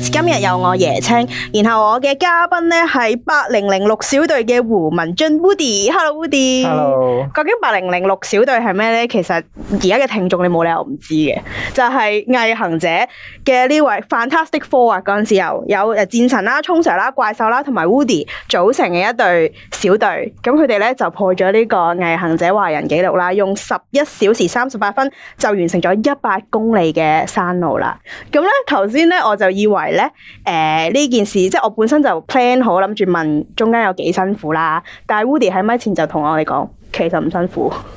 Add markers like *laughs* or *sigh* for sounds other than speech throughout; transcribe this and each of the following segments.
今日有我椰青，然後我嘅嘉賓呢係八零零六小隊嘅胡文津 Woody Hello Woody，Hello。Woody、Hello, Woody Hello。究竟八零零六小隊係咩呢？其實而家嘅聽眾你冇理由唔知嘅，就係、是、毅行者嘅呢位 Fantastic Four 啊，嗰陣時候有戰神啦、沖 Sir 啦、怪獸啦同埋 Woody 組成嘅一隊小隊，咁佢哋呢就破咗呢個毅行者華人紀錄啦，用十一小時三十八分就完成咗一百公里嘅山路啦。咁呢頭先呢，我就以為。咧，誒呢、呃、件事，即係我本身就 plan 好諗住問中間有幾辛苦啦，但係 Woody 喺咪前就同我哋講，其實唔辛苦。 *laughs*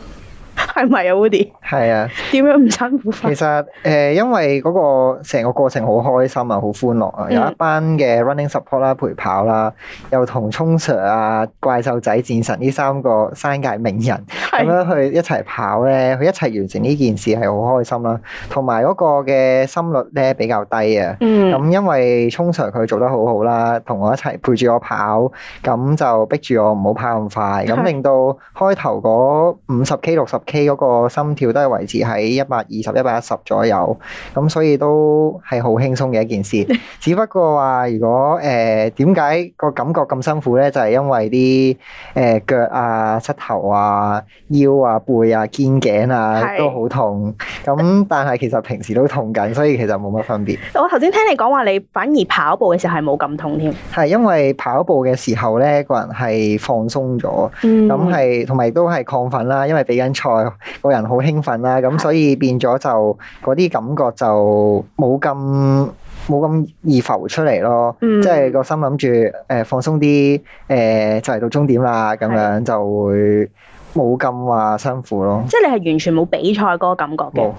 係咪啊，Woody？係啊。點樣唔辛苦？其實誒，因為嗰個成個過程好開心啊，好歡樂啊，有一班嘅 Running Support 啦，陪跑啦，又同冲 Sir 啊、怪獸仔、戰神呢三個山界名人咁樣去一齊跑咧，佢一齊完成呢件事係好開心啦。同埋嗰個嘅心率咧比較低啊。嗯。咁因為冲 Sir 佢做得好好啦，同我一齊陪住我跑，咁就逼住我唔好跑咁快，咁令到開頭嗰五十 k、六十 k。嗰個心跳都係維持喺一百二十、一百一十左右，咁所以都係好輕鬆嘅一件事。 *laughs* 只不過話，如果誒點解個感覺咁辛苦呢？就係、是、因為啲誒、呃、腳啊、膝頭啊、腰啊、背啊、肩頸啊都好痛。咁是但係其實平時都痛緊，所以其實冇乜分別。 *laughs* 我頭先聽你講話，你反而跑步嘅時候係冇咁痛添？係因為跑步嘅時候呢個人係放鬆咗，咁係同埋都係亢奮啦，因為比緊賽。個人好興奮啦，咁所以變咗就嗰啲感覺就冇咁冇咁易浮出嚟咯，嗯、即係個心諗住誒放鬆啲，誒、呃、就嚟到終點啦，咁是樣就會冇咁話辛苦咯。即係你係完全冇比賽嗰個感覺嘅冇，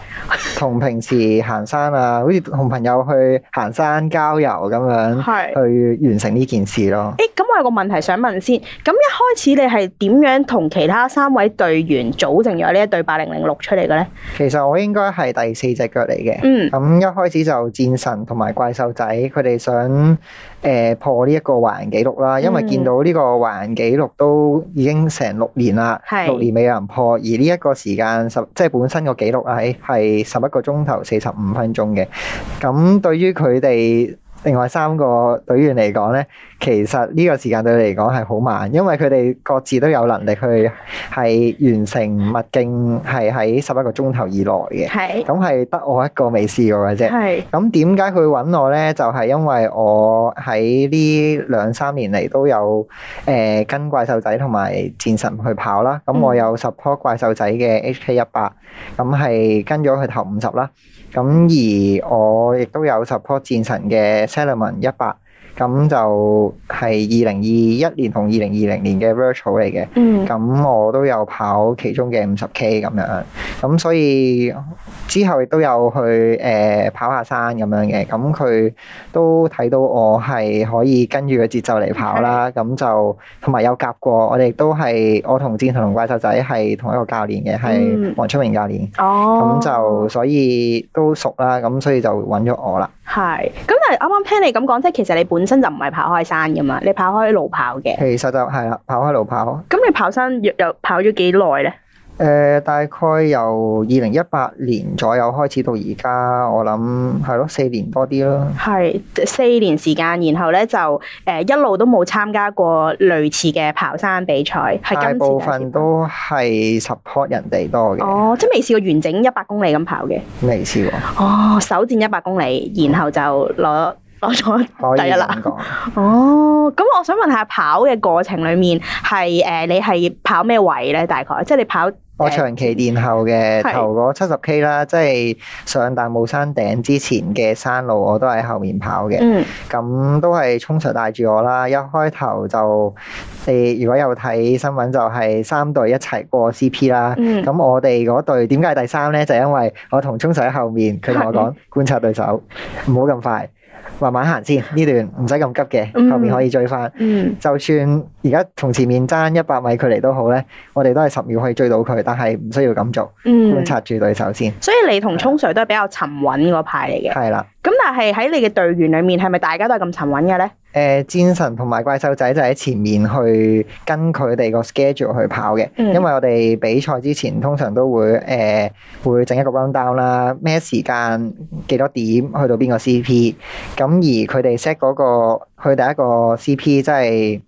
同平時行山啊，好似同朋友去行山郊遊咁樣，是去完成呢件事咯。有個問題，想問先。咁一開始你係點樣同其他三位隊員組成咗呢一對八零零六出嚟嘅呢？其實我應該係第四隻腳嚟嘅。嗯，咁一開始就戰神同埋怪獸仔，佢哋想誒破呢一個環紀錄啦。因為見到呢個環紀錄都已經成六年啦，六年未有人破。而呢一個時間十即係本身個紀錄係係十一個鐘頭四十五分鐘嘅。咁對於佢哋。另外三個隊員嚟講咧，其實呢個時間對佢嚟講係好慢，因為佢哋各自都有能力去係完成麥徑係喺十一個鐘頭以內嘅。係咁係得我一個未試過嘅啫。係咁點解佢揾我咧？就係因為我喺呢兩三年嚟都有誒跟怪獸仔同埋戰神去跑啦。咁我有十樖怪獸仔嘅 HK 一百，咁係跟咗佢頭五十啦。咁而我亦都有支持戰神嘅 Salomon 一百。咁就係二零二一年同二零二零年嘅 Virtual 嚟嘅，咁、嗯、我都有跑其中嘅五十 K 咁樣，咁所以之後亦都有去誒、呃、跑下山咁樣嘅，咁佢都睇到我係可以跟住個節奏嚟跑啦，咁 Okay. 就同埋有夾過，我哋都係我同志成同怪獸仔係同一個教練嘅，係黃、嗯、春明教練，咁、哦、就所以都熟啦，咁所以就揾咗我啦。係，咁但係啱啱聽你咁講，即其實你本身就唔係跑開山㗎嘛，你跑開路跑嘅。其實就係跑開路跑。咁你跑山又跑咗幾耐呢？誒、呃、大概由二零一八年左右開始到而家，我諗係咯四年多啲咯。係四年時間，然後咧就誒、呃、一路都冇參加過類似嘅跑山比賽。大部分都係 support 人哋多嘅。哦，即係未試過完整一百公里咁跑嘅。未試過。哦，首戰一百公里，然後就攞攞咗第一啦。哦，咁我想問下跑嘅過程裡面係誒、呃、你係跑咩位咧？大概即係、就是、你跑。我長期殿後嘅，頭嗰七十 K 啦是，即係上大帽山頂之前嘅山路，我都喺後面跑嘅。咁、嗯、都係沖 Sir 帶住我啦，一開頭就，誒，如果有睇新聞就係三隊一齊過 CP 啦、嗯。咁我哋嗰隊點解第三呢？就係、因為我同沖 Sir 喺後面，佢同我講觀察對手，唔好咁快。慢慢行先，呢段唔使咁急嘅，後面可以追翻。嗯嗯、就算而家同前面爭一百米距離都好咧，我哋都係十秒可以追到佢，但係唔需要咁做，觀察住對手先。嗯、所以你同聰 Sir 都係比較沉穩嗰派嚟嘅。係啦的。咁但係喺你嘅隊員裏面，係咪大家都咁沉穩嘅呢？誒戰神同埋怪獸仔就喺前面去跟佢哋個 schedule 去跑嘅，mm. 因為我哋比賽之前通常都會誒、uh, 會整一個 rundown 啦，咩時間幾多點去到邊個 CP，咁而佢哋 set 嗰個去第一個 CP 即係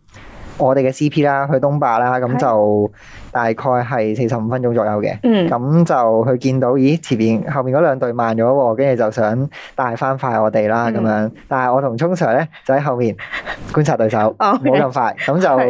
我哋嘅 CP 啦，去東壩啦，咁就。Mm. 大概係四十五分鐘左右嘅，咁就佢見到，咦前面後面嗰兩隊慢咗喎，跟住就想帶翻快我哋啦咁樣。但係我同聰 Sir 咧就喺後面觀察對手，冇咁快，咁就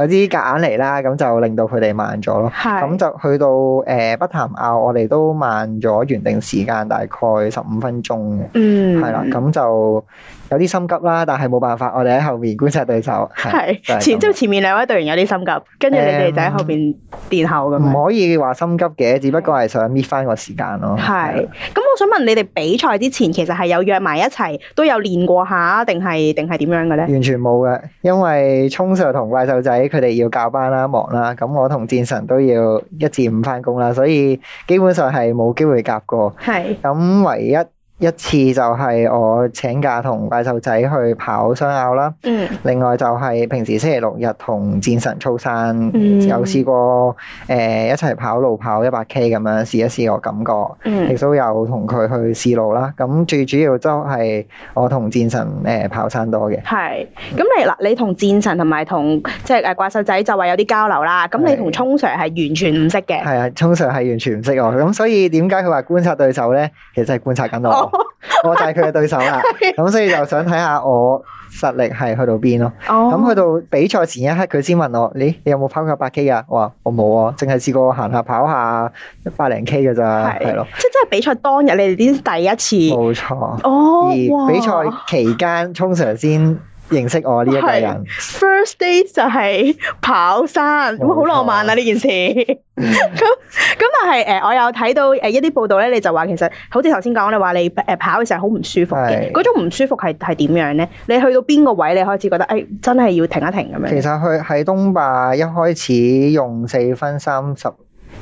有啲夾硬嚟啦，咁就令到佢哋慢咗咯。咁就去到誒北潭坳，我哋都慢咗原定時間大概十五分鐘嘅，係啦，咁就有啲心急啦，但係冇辦法，我哋喺後面觀察對手，係前即係前面兩位隊員有啲心急，跟住你哋就喺後面。殿後嘅，唔可以話心急嘅，只不過係想搣翻個時間咯。係的，咁的我想問你哋比賽之前，其實係有約埋一齊，都有練過下，定係定係點樣嘅咧？完全冇嘅，因為聰少同怪獸仔佢哋要教班啦，忙啦，咁我同戰神都要一至五翻工啦，所以基本上係冇機會夾過。係的，咁唯一。一次就係我請假同怪獸仔去跑雙拗啦。嗯。另外就係平時星期六日同戰神操山，嗯、有試過誒、呃、一齊跑路跑一百 K 咁樣試一試我感覺。嗯、亦都有同佢去試路啦。咁最主要都係我同戰神誒、呃、跑山多嘅。係。咁你嗱你同戰神同埋同即係誒怪獸仔就話有啲交流啦。咁你同沖 Sir 係完全唔識嘅。係啊，沖 Sir 係完全唔識我。咁所以點解佢話觀察對手咧？其實係觀察緊我。哦。 *laughs* 我就係佢嘅對手啦，啊，咁 *laughs* 是所以就想睇下我實力係去到邊咯。咁、oh. 去到比賽前一刻，佢先問我，咦，你有冇跑過一百 K 噶？我話我冇啊，淨係試過行下跑下一百零 K 嘅咋，係是咯。即係真係比賽當日，你哋先第一次？冇錯錯。哦。Oh. 而比賽期間通常先。認識我呢一個人，first date 就係跑山，好錯浪漫啊！呢件事咁咁，但係誒，我有睇到誒一啲報道咧，你就話其實好似頭先講，你話你誒跑嘅時候好唔舒服嘅，嗰是種唔舒服係係點樣咧？你去到邊個位你開始覺得誒、哎、真係要停一停咁樣？其實去喺東壩一開始用四分三十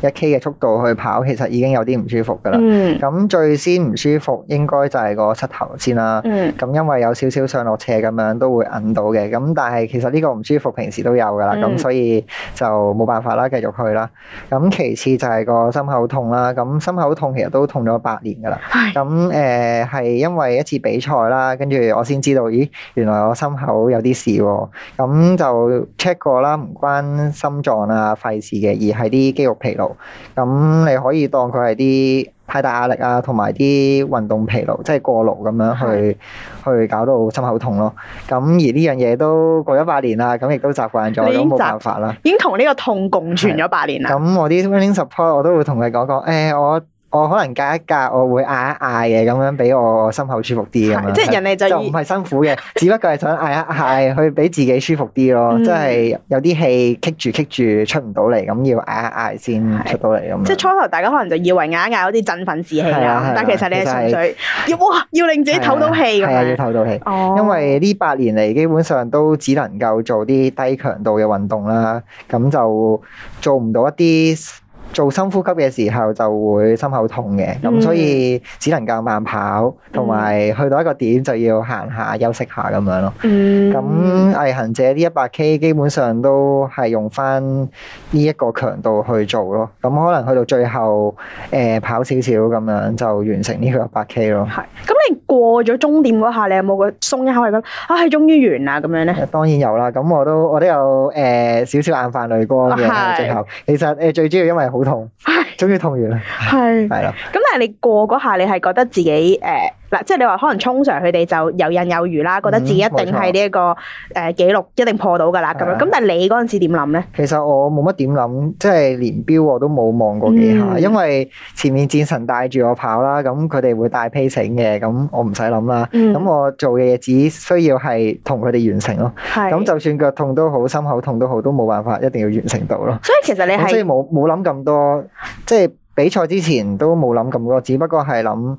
一 K 嘅速度去跑，其實已經有啲唔舒服噶啦。咁、嗯、最先唔舒服應該就係個膝頭先啦。咁、嗯、因為有少少上落斜咁樣都會摁到嘅。咁但係其實呢個唔舒服平時都有噶啦。咁、嗯、所以就冇辦法啦，繼續去啦。咁其次就係個心口痛啦。咁心口痛其實都痛咗八年噶啦。咁誒係因為一次比賽啦，跟住我先知道，咦原來我心口有啲事喎、啊。咁、嗯、就 check 過啦，唔關心臟啊肺事嘅，而係啲肌肉疲勞。咁你可以當佢係啲太大壓力啊，同埋啲運動疲勞，即係過勞咁樣去是的 去搞到心口痛咯。咁而呢樣嘢都過咗八年啦，咁亦都習慣咗，都冇辦法啦。已經同呢個痛共存咗八年啦。咁我啲 running support 我都會同佢講講，誒、欸、我。我可能隔一隔我會嗌一嗌嘅，咁樣俾我心口舒服啲咁啊。即係人哋就唔係辛苦嘅，只不過係想嗌一嗌，去俾自己舒服啲咯。即係有啲氣棘住棘住出唔到嚟，咁要嗌一嗌先出到嚟咁。即係初頭大家可能就以為嗌一嗌有啲振奮士氣啦，但其實你係純粹要令自己唞到氣咁樣要唞到氣。因為呢八年嚟基本上都只能夠做啲低強度嘅運動啦，咁就做唔到一啲。做深呼吸嘅時候就會心口痛嘅，咁、嗯、所以只能夠慢跑，同埋、嗯、去到一個點就要行下休息下咁樣咯。嗯。咁毅行者呢一百 K 基本上都係用翻呢一個強度去做咯，咁可能去到最後誒、呃、跑少少咁樣就完成呢個一百 K 咯。係。咁你過咗終點嗰下，你有冇個鬆一口氣咁啊？終於完啦咁樣咧？當然有啦，咁我都我都有誒、呃、少少眼泛淚光嘅最後。是其實誒、呃、最主要因為好。痛，終於痛完啦。係是，係啦 *laughs* 了。咁但係你過嗰下，你係覺得自己誒？呃嗱，即係你話可能通常佢哋就游刃有餘啦，覺得自己一定係呢一個誒記錄一定破到噶啦咁樣。咁但係你嗰陣時點諗咧？其實我冇乜點諗，即係連錶我都冇望過幾下，因為前面戰神帶住我跑啦，咁佢哋會帶 pacing 嘅，咁我唔使諗啦。咁我做嘅嘢只需要係同佢哋完成咯。咁就算腳痛都好，心口痛都好，都冇辦法，一定要完成到咯。所以其實你係我即係冇冇諗咁多，即係比賽之前都冇諗咁多，只不過係諗。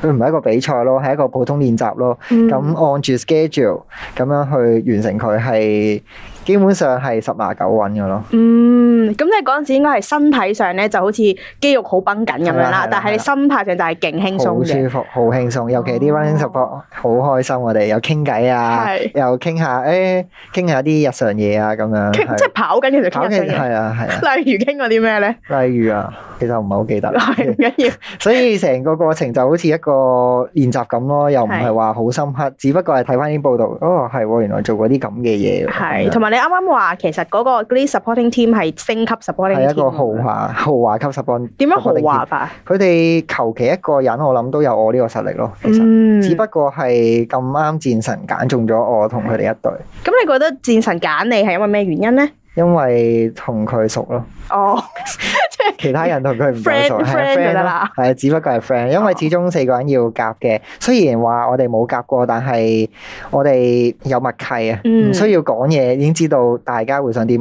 佢唔係一個比賽咯，係一個普通練習咯。咁、嗯、按住 schedule 咁樣去完成佢係。基本上係十拿九穩嘅咯。嗯，咁你嗰陣時應該係身體上咧就好似肌肉好繃緊咁樣啦，但係你心態上就係勁輕鬆。好舒服，好輕鬆，尤其啲 runningsupport 好開心，我哋又傾偈啊，又傾下誒，傾下啲日常嘢啊咁樣。即係跑緊嘅時候傾。係啊係啊。例如傾過啲咩咧？例如啊，其實唔係好記得。係，唔緊要。所以成個過程就好似一個練習咁咯，又唔係話好深刻，只不過係睇翻啲報道，哦係喎，原來做過啲咁嘅嘢。係，同埋你。你啱啱話其實嗰個嗰啲 supporting team 係星級 supporting 係一個豪華豪華級 supporting 點樣豪華法？佢哋求其一個人，我諗都有我呢個實力咯。其實嗯，只不過係咁啱戰神揀中咗我同佢哋一隊。咁你覺得戰神揀你係因為咩原因咧？因為同佢熟咯，其他人同佢唔係好熟係 friend 啦，係啊，只不過係 friend，因為始終四個人要夾嘅。雖然話我哋冇夾過，但係我哋有默契啊，唔需要講嘢已經知道大家會想點。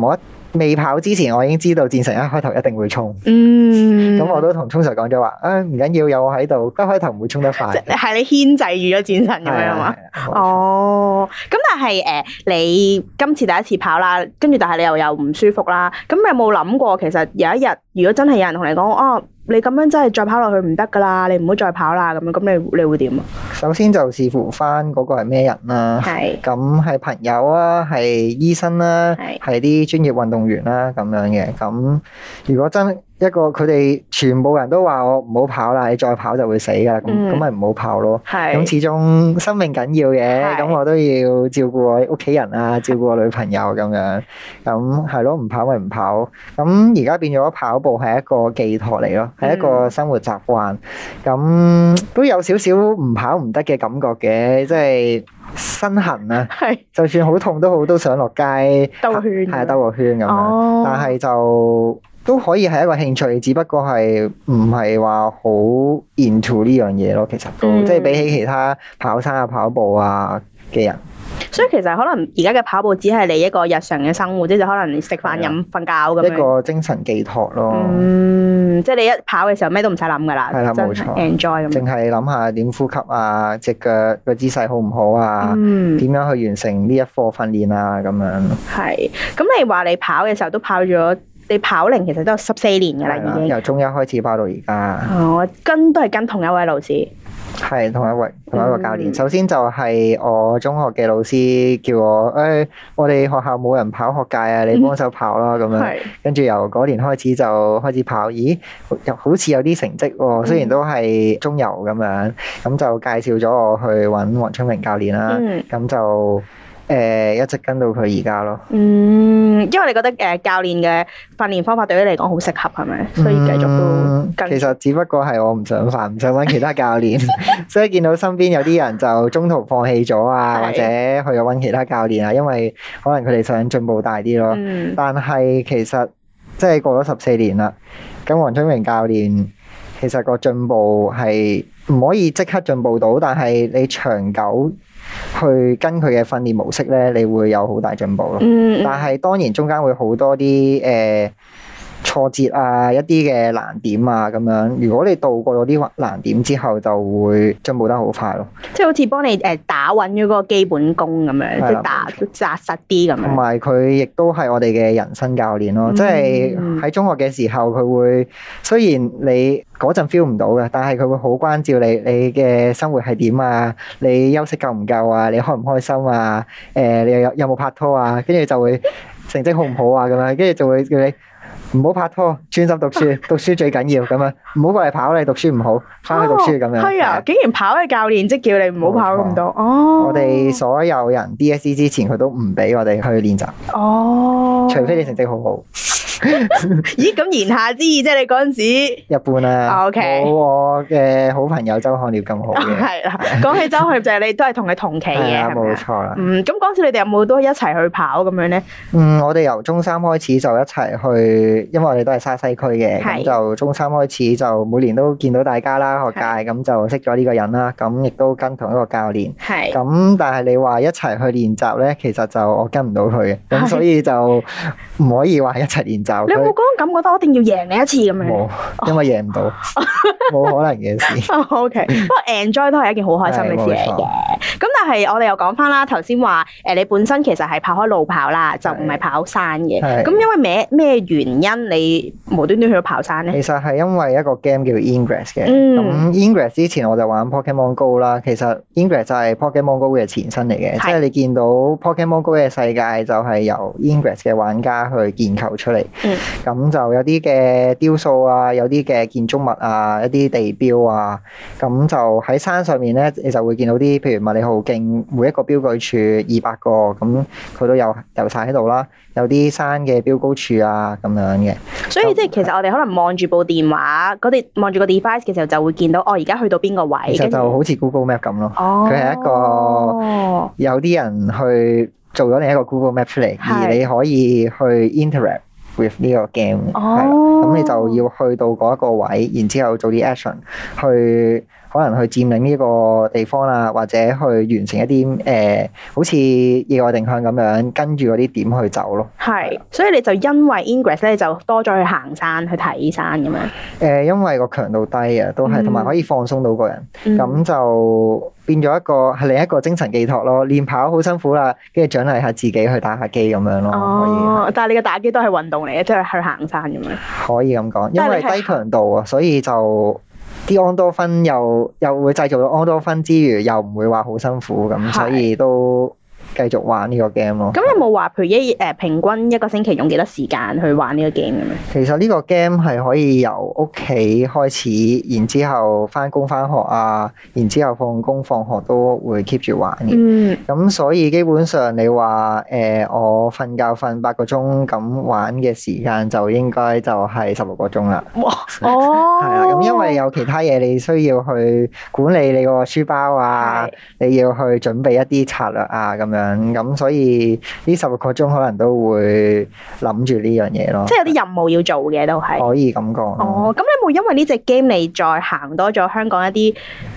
未跑之前，我已經知道戰神一開頭一定會衝。嗯， *laughs* 咁我都同衝神講咗話，啊唔緊要，有我喺度，一開頭唔會衝得快。係你牽制住咗戰神咁樣嘛？哦，咁但係誒、呃，你今次第一次跑啦，跟住但係你又有唔舒服啦，咁你有冇諗過其實有一日如果真係有人同你講，哦。你咁樣真係再跑落去唔得噶啦，你唔好再跑啦，咁樣咁你你會點啊？首先就視乎翻嗰個係咩人啦，係是，咁係朋友啊，係醫生啦，係是，係啲專業運動員啦，咁樣嘅，咁如果真。一個佢哋全部人都話我唔好跑啦，你再跑就會死噶，咁咁咪唔好跑咯。咁始終生命緊要嘅，咁我都要照顧我屋企人啊，照顧我女朋友咁樣。咁係咯，唔跑咪唔跑。咁而家變咗跑步係一個寄託嚟咯，係一個生活習慣。咁都有少少唔跑唔得嘅感覺嘅，即係身痕啊。係就算好痛都好，都想落街兜圈，係啊，兜個圈咁樣。但係就。都可以係一個興趣，只不過係唔係話好 into 呢樣嘢咯。其實都即係比起其他跑山啊、跑步啊嘅人。所以其實可能而家嘅跑步只係你一個日常嘅生活，即係可能你食飯、飲、瞓覺咁一個精神寄託咯。即係、嗯即係、你一跑嘅時候，咩都唔使諗噶啦。係啦，冇 *noise* 錯。Enjoy。淨係諗下點呼吸啊，隻腳個姿勢好唔好啊？嗯。點樣去完成呢一課訓練啊？咁樣。係。咁你話你跑嘅時候都跑咗。 *noise* 你跑齡其實都有十四年嘅啦，已經由中一開始跑到而家。哦，跟都係跟同一位老師，係同一位同一個教練。嗯、首先就係我中學嘅老師叫我，誒、哎，我哋學校冇人跑學界啊，你幫手跑啦咁、嗯、樣。跟住由嗰年開始就開始跑，咦，又好似有啲成績喎、啊。雖然都係中游咁樣，咁就介紹咗我去揾黃春明教練啦。咁、嗯、就。誒，一直跟到佢而家咯。嗯，因為你覺得誒教練嘅訓練方法對你嚟講好適合係咪？所以繼續都跟、嗯、其實只不過係我唔想煩，唔想揾其他教練。 *laughs* *laughs* 所以見到身邊有啲人就中途放棄咗啊，或者去揾其他教練啊，因為可能佢哋想進步大啲咯。嗯、但係其實即係過咗十四年啦，咁黃俊明教練其實個進步係唔可以即刻進步到，但係你長久。去跟佢嘅訓練模式呢，你會有好大進步咯。嗯，但係當然中間會好多啲誒。呃挫折啊，一啲嘅難點啊，咁樣。如果你渡過咗啲難點之後，就會進步得好快咯。即係好似幫你誒打穩咗嗰個基本功咁樣，即的打紮錯實啲咁。同埋佢亦都係我哋嘅人生教練咯，即係喺中學嘅時候，佢會雖然你嗰陣 feel 唔到嘅，但係佢會好關照你，你嘅生活係點啊，你休息夠唔夠啊，你開唔開心啊？誒、呃，你有有冇拍拖啊？跟住就會成績好唔好啊？咁樣跟住就會叫你。唔好拍拖，專心讀書， *laughs* 讀書最緊要咁樣。唔好過嚟跑，你讀書唔好，翻去讀書咁樣。係啊、哦，是竟然跑嘅教練即叫你唔好跑咁多錯哦。我哋所有人 DSE 之前，佢都唔俾我哋去練習。哦，除非你成績好好。 *laughs* 咦，咁言下之意，即係你嗰陣時一般啦。O K，冇我嘅好朋友周漢耀咁好。係啦、oh,，講起周漢耀就係你都係同佢同期嘅，係啊，冇錯啦。吧嗯，咁嗰陣時你哋有冇都一齊去跑咁樣咧？嗯，我哋由中三開始就一齊去，因為我哋都係沙西區嘅，咁的就中三開始就每年都見到大家啦，學界咁的就識咗呢個人啦，咁亦都跟同一個教練。係的。咁但係你話一齊去練習咧，其實就我跟唔到佢嘅，咁所以就唔可以話一齊練。 *laughs* 你有冇嗰種感覺，覺得我一定要贏你一次咁樣？因為贏唔到，冇 *laughs* 可能嘅事。O K，不過 enjoy 都係一件好開心嘅事。咁但係我哋又講翻啦，頭先話誒你本身其實係跑開路跑啦，是就唔係跑山嘅。咁是因為咩咩原因你無端端去跑山咧？其實係因為一個 game 叫做 Ingress 嘅。咁、嗯、Ingress 之前我就玩 Pokemon Go 啦。其實 Ingress 就係 Pokemon Go 嘅前身嚟嘅，即係是你見到 Pokemon Go 嘅世界就係由 Ingress 嘅玩家去建構出嚟。咁、嗯、就有啲嘅雕塑啊，有啲嘅建築物啊，一啲地標啊，咁就喺山上面咧，你就會見到啲譬如物。你好勁，每一個標距柱二百個，咁佢都有有晒喺度啦，有啲山嘅標高處啊咁樣嘅。所以就即係其實我哋可能望住部電話，嗰啲望住個 device 嘅時候，就會見到哦，而家去到邊個位，其實就好似 Google Map 咁咯。哦，佢係一個有啲人去做咗另一個 Google Map 出嚟，是而你可以去 interact with 呢個 game。哦，咁你就要去到嗰一個位，然之後做啲 action 去。可能去佔領呢個地方啦，或者去完成一啲誒，好似意外定向咁樣跟住嗰啲點去走咯。係，所以你就因為 Ingress 咧，就多咗去行山去睇山咁樣。誒，因為個強度低啊，都係同埋可以放鬆到個人，咁就變咗一個係另一個精神寄託咯。練跑好辛苦啦，跟住獎勵下自己去打下機咁樣咯。哦，但係你嘅打機都係運動嚟嘅，即係去行山咁樣。可以咁講，因為低強度啊，所以就。啲安多酚又又會製造安多酚之餘，又唔會話好辛苦咁，的所以都。繼續玩呢個 game 咯。咁有冇話，譬如一誒平均一個星期用幾多時間去玩呢個 game 咁啊？其實呢個 game 係可以由屋企開始，然之後翻工翻學啊，然之後放工放學，學都會 keep 住玩嘅。嗯。咁所以基本上你話誒、呃、我瞓覺瞓八個鐘咁玩嘅時間，就應該就係十六個鐘啦。哇！哦。係啊， *laughs* 咁因為有其他嘢你需要去管理你個書包啊，是你要去準備一啲策略啊咁樣。咁所以呢十六個鐘可能都會諗住呢樣嘢咯，即係有啲任務要做嘅都係。可以咁講。哦，咁你有冇因為呢隻 game 你再行多咗香港一啲，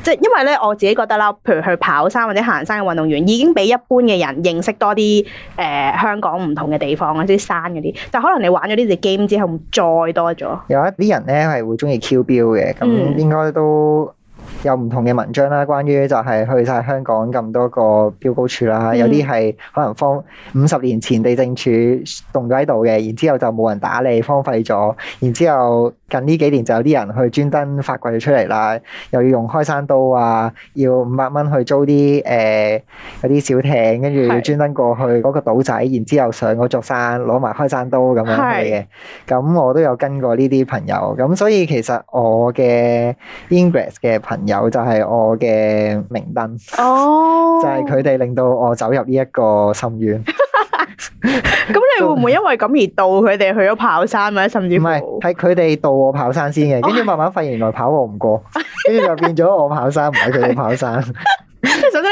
即係因為咧我自己覺得啦，譬如去跑山或者行山嘅運動員已經比一般嘅人認識多啲誒、呃、香港唔同嘅地方啊，啲山嗰啲。就可能你玩咗呢隻 game 之後，再多咗。有一啲人咧係會鍾意 Q 標嘅，咁應該都。嗯。有唔同嘅文章啦，關於就係去晒香港咁多個標高柱啦，嗯、有啲係可能荒五十年前地政署動咗喺度嘅，然之後就冇人打理荒廢咗，然之後近呢幾年就有啲人去專登發掘咗出嚟啦，又要用開山刀啊，要五百蚊去租啲誒啲小艇，跟住專登過去嗰個島仔，然之後上嗰座山攞埋開山刀咁樣嘅，咁是我都有跟過呢啲朋友，咁所以其實我嘅 Ingress 嘅。朋友就係我嘅明燈，oh. 就係佢哋令到我走入呢一個深淵。咁 *laughs* *laughs* 你會唔會因為咁而導佢哋去咗跑山咧？甚至唔係係佢哋導我跑山先嘅，跟住慢慢發現原來跑我唔過，跟住、oh. 就變咗我跑山，唔係佢哋跑山。 *laughs*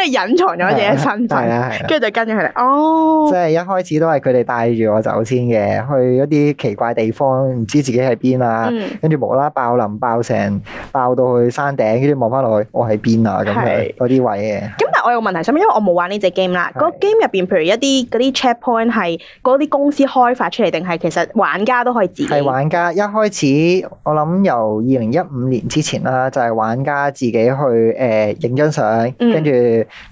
即係隱藏咗自己身份，跟住就跟住佢哋。哦，即係一開始都係佢哋帶住我走先嘅，去一啲奇怪地方，唔知自己喺邊啊。跟住無啦啦爆林爆成，爆到去山頂，跟住望返落去，我喺邊啊咁樣嗰啲位嘅。的我有個問題，因為我冇玩呢隻 game 啦。是個 game 入邊，譬如一啲啲 checkpoint 係啲公司開發出嚟，定係其實玩家都可以自己？係玩家一開始，我諗由二零一五年之前啦，就係、是、玩家自己去誒影張相，跟住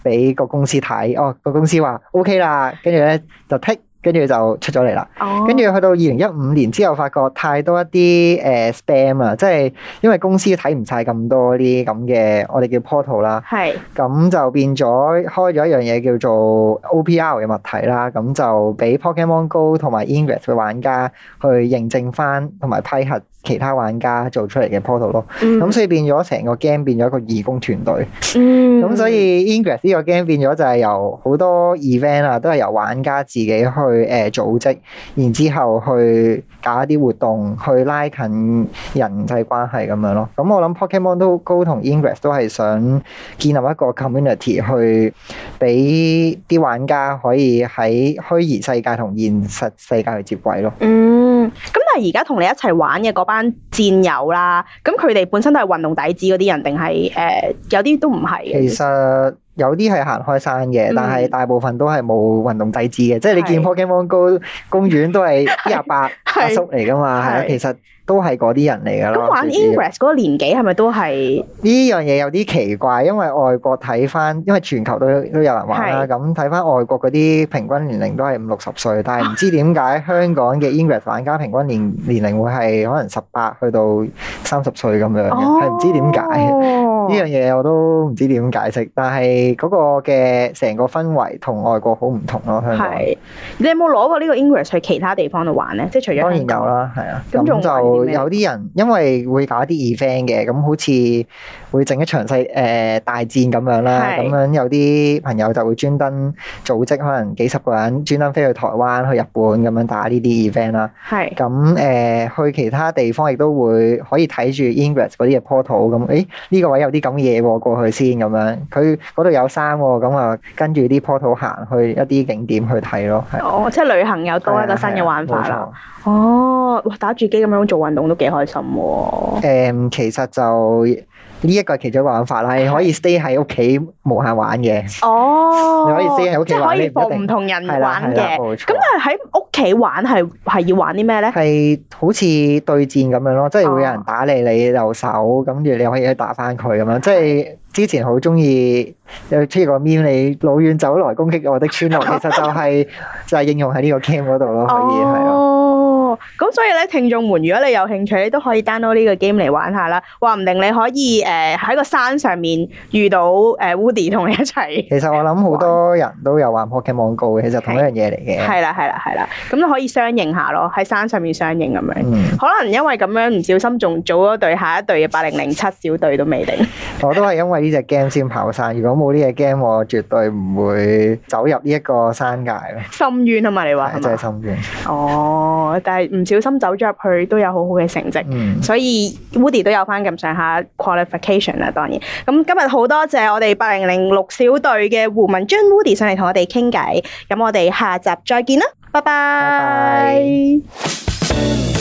俾個公司睇。嗯、哦，個公司話 OK 啦，跟住咧就剔。跟住就出咗嚟啦，跟住、oh. 去到二零一五年之後，發覺太多一啲誒、uh, spam 啊，即係因為公司睇唔晒咁多啲咁嘅，我哋叫 portal 啦是，係咁就變咗開咗一樣嘢叫做 OPR 嘅物體啦，咁就俾 Pokemon Go 同埋 Ingress 嘅玩家去認證翻同埋批核。其他玩家做出嚟嘅 portal 咯，咁、嗯、所以變咗成個 game 變咗一個義工團隊、嗯，咁 *laughs* 所以 Ingress 呢個 game 變咗就係由好多 event 啊，都係由玩家自己去誒、呃、組織，然之後去搞一啲活動去拉近人際關係咁樣咯。咁我諗 Pokemon 都 Go 同 Ingress 都係想建立一個 community 去俾啲玩家可以喺虛擬世界同現實世界去接軌咯。嗯，而家同你一齊玩嘅嗰班戰友啦，咁佢哋本身都係運動底子嗰啲人，定係誒有啲都唔係嘅？其實有啲係行開山嘅，但係大部分都係冇運動底子嘅，嗯、即係你見 Pokemon Go 公園都係阿伯阿叔嚟噶嘛，係啊 *laughs* 是，其實都係嗰啲人嚟噶啦。咁玩 Ingress 嗰個年紀係咪都係？呢樣嘢有啲奇怪，因為外國睇返，因為全球都都有人玩啦。咁睇返外國嗰啲平均年齡都係五六十歲，但係唔知點解香港嘅 Ingress 玩家平均年年齡會係可能十八去到三十歲咁樣嘅，係唔、哦、知點解。呢樣嘢我都唔知點解釋，但係嗰個嘅成個氛圍同外國好唔同咯、啊。係你有冇攞過呢個 English 去其他地方度玩呢？即係除咗香港，當然有啦，係啊。咁那 就有啲人因為會搞啲 event 嘅，咁好似。會整一場細誒、呃、大戰咁樣啦，咁是樣有啲朋友就會專登組織，可能幾十個人專登飛去台灣、去日本咁樣打呢啲 event 啦。係咁誒，去其他地方亦都會可以睇住 Ingress 嗰啲嘅 portal 咁。誒呢、呢個位有啲咁嘅嘢喎，過去先咁樣。佢嗰度有山喎，咁啊跟住啲 portal 行去一啲景點去睇咯。啊、哦，即係旅行又多一個新嘅玩法啦。啊啊、哦，打住機咁樣做運動都幾開心喎、嗯。其實就～呢一個係其中一個玩法啦，係可以 stay 喺屋企無限玩嘅。哦，你可以 stay 喺屋企可以同唔同人玩嘅。咁啊喺屋企玩係係要玩啲咩咧？係好似對戰咁樣咯，即係會有人打你，你留守，跟住你可以去打翻佢咁樣。即係之前好中意有個 meme，你老遠走來攻擊我的村落，其實就係、係、 *laughs* 就係應用喺呢個 game 嗰度咯。可以係啊。哦。咁所以咧，聽眾們，如果你有興趣，你都可以 download 呢個 game 嚟玩下啦。話唔定你可以誒喺個山上面遇到誒 Woody 同你一齊。其實我諗好多人都有玩過嘅 Pokemon Go 嘅，其實同一樣嘢嚟嘅。係啦係啦係啦，咁可以相應下咯，喺山上面相應咁樣。嗯。可能因為咁樣唔小心，仲組咗隊下一隊嘅八零零七小隊都未定。 *laughs* 我都係因為呢隻 game 先跑山，如果冇呢隻 game，我絕對唔會走入呢一個山界咯。深淵係咪你話？ *laughs* 真係深淵。 *laughs* 哦，但係唔小心走咗入去都有好好嘅成績，嗯、所以 Woody 都有翻咁上下 qualification 啦。當然，咁今日好多謝我哋八零零六小隊嘅胡文津 Woody 上嚟同我哋傾偈。咁我哋下集再見啦，拜拜。Bye bye